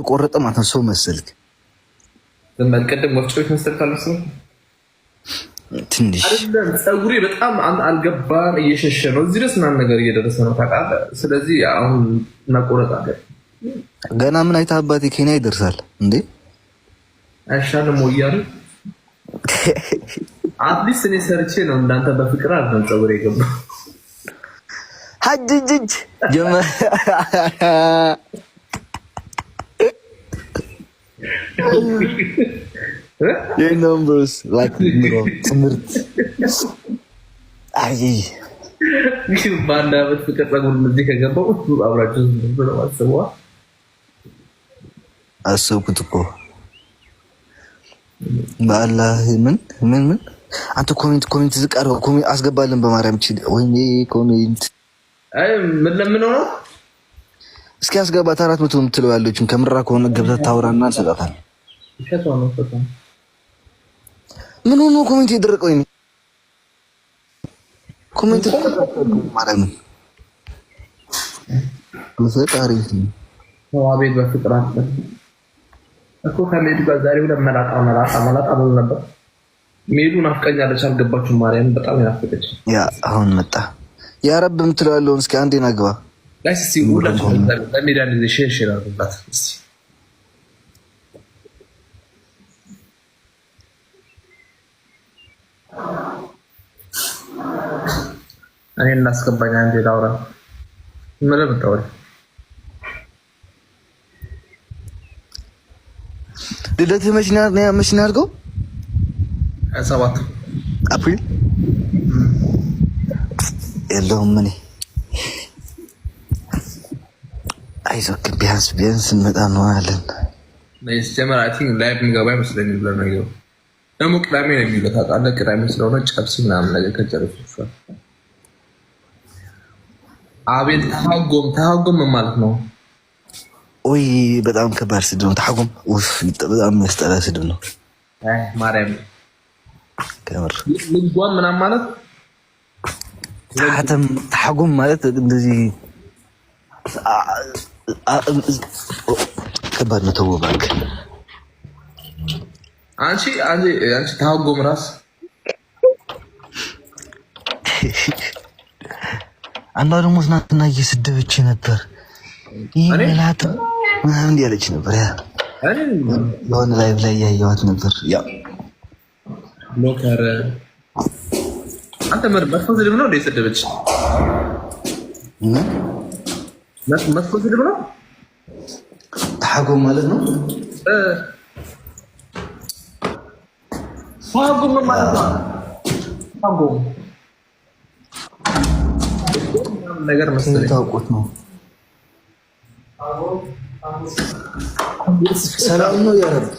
ተቆረጠ ማለት ሰው መሰልክ ቅድም ወፍጮች ቤት መሰልክ አለስ ትንሽ ፀጉሬ በጣም አልገባን እየሸሸ ነው። እዚህ ደስ ምናምን ነገር እየደረሰ ነው ታውቃለህ። ስለዚህ አሁን መቆረጥ አለ። ገና ምን አይተህ አባቴ ኬንያ ይደርሳል እንዴ? አይሻልም ወይ እያሉ አትሊስት እኔ ሰርቼ ነው እንዳንተ በፍቅር አለ ፀጉሬ የገባ ሀጅጅጅ ጀመ የነምበርስ ላይክ ምሮ ትምህርት አይ በአንድ አመት ፍቅር ጸጉርን እዚህ ከገባው አብራችሁ ብለው አስበዋ አሰብኩት እኮ በአላህ ምን ምን ምን አንተ ኮሜንት ኮሜንት ዝቅ አድርገው አስገባልን በማርያም ይችል ወይ ኮሜንት ምን ለምነው ነው እስኪ አስገባት አራት መቶ የምትለው ያለችን ከምራ ከሆነ ገብታት ታውራና እንሰጣታል። ምን ሆኖ ኮሜንት የደረቀው ይሄ ኮሜንት ማለት ነው። በፈጣሪ አቤት በፍቅር እኮ ከሜዱ ጋር ዛሬ ሁለት መላጣ መላጣ መላጣ ብሎ ነበር። ሜዱ ናፍቀኛለች፣ አልገባችሁም? ማርያም በጣም ያናፍቀች። ያ አሁን መጣ። ያ ረብ የምትለው ያለውን እስኪ አንዴ ናግባ ጋይስ እስቲ ሁላችሁም ለሜዳ ሼር ሼር አድርጉላት። እስቲ እኔ እናስገባኝ አንዴ ላውራ። ምን ብታወል ልደትህ መች ነው ያድርገው? ሰባት አፕሪል የለውም እኔ አይዞህ ቢያንስ ቢያንስ እንመጣ ነው አለን። ላይቭ የሚገባ ይመስለኝ ብለነው ደግሞ ቅዳሜ ነው የሚውለው ታውቃለህ። ቅዳሜ ስለሆነ ጨርሲ ምናምን ነገር ከጨረሱሻል። አቤት ተሐጎም ተሐጎም ማለት ነው። ኦይ በጣም ከባድ ስድብ ነው ተሐጎም። ኡፍ በጣም መስጠላ ስድብ ነው። ማርያም ከምር ልጓም ምናምን ማለት ተሐጎም ማለት እንደዚህ ከባድ ነው። ተው እባክህ አንቺ አንቺ አንቺ ታውጎም ራስ አንዷ ደግሞ ትናንትና እየስደበች ነበር። ይህ ላት ምናምን ያለች ነበር። ያ የሆነ ላይቭ ላይ ያየዋት ነበር። ያ ሎከር አንተ መጥፎ ስድብ ነው እንደ የሰደበች መስኮ ልብ ነው ተሐጎም ማለት ነው። ተሐጎም ማለት ነው። ተሐጎም ነገር መሰለኝ ታውቁት ነው። ሰላም ነው ያረብ